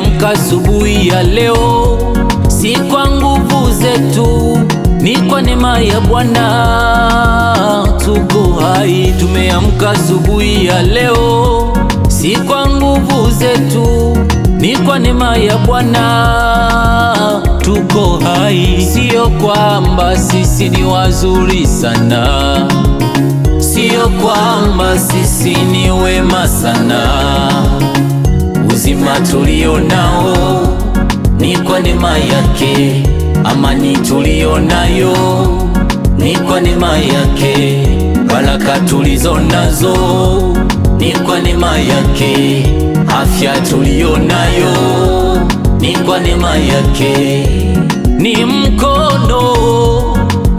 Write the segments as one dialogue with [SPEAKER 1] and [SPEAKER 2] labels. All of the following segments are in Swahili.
[SPEAKER 1] nimeamka asubuhi ya leo, si kwa nguvu zetu, ni kwa neema ya Bwana. Tuko hai, tumeamka asubuhi ya leo, si kwa nguvu zetu, ni kwa neema ya Bwana. Tuko hai, sio kwamba sisi ni wazuri sana, sio kwamba sisi ni wema sana Uzima tulio nao ni kwa neema yake, amani tulio nayo ni kwa neema yake, baraka tulizo nazo ni kwa neema yake, afya tulio nayo ni kwa neema yake. Ni mkono,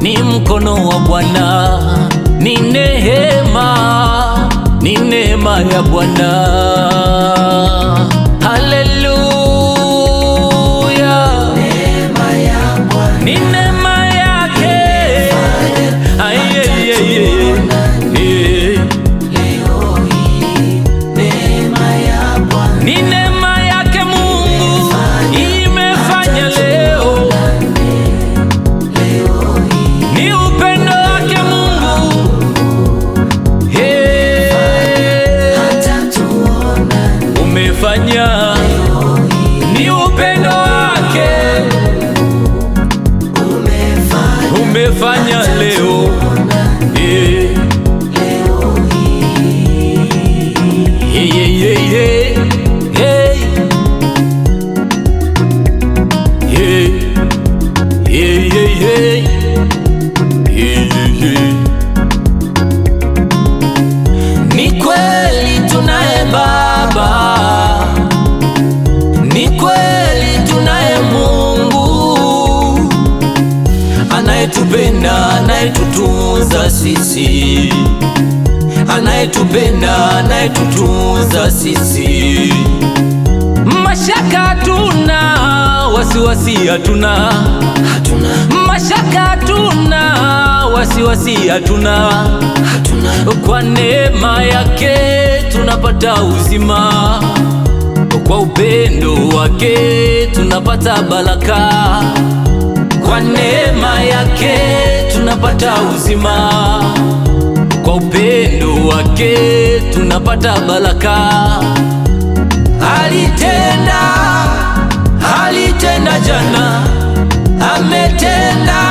[SPEAKER 1] ni mkono wa Bwana, ni neema, ni neema ya Bwana. umefanya leo anayetutunza sisi, anayetupenda, anayetutunza sisi. Mashaka hatuna, wasiwasi hatuna, hatuna mashaka hatuna, wasiwasi hatuna, hatuna. Kwa neema yake tunapata uzima, kwa upendo wake tunapata baraka, kwa neema yake tunapata uzima, kwa upendo wake tunapata baraka. Alitenda, alitenda jana, ametenda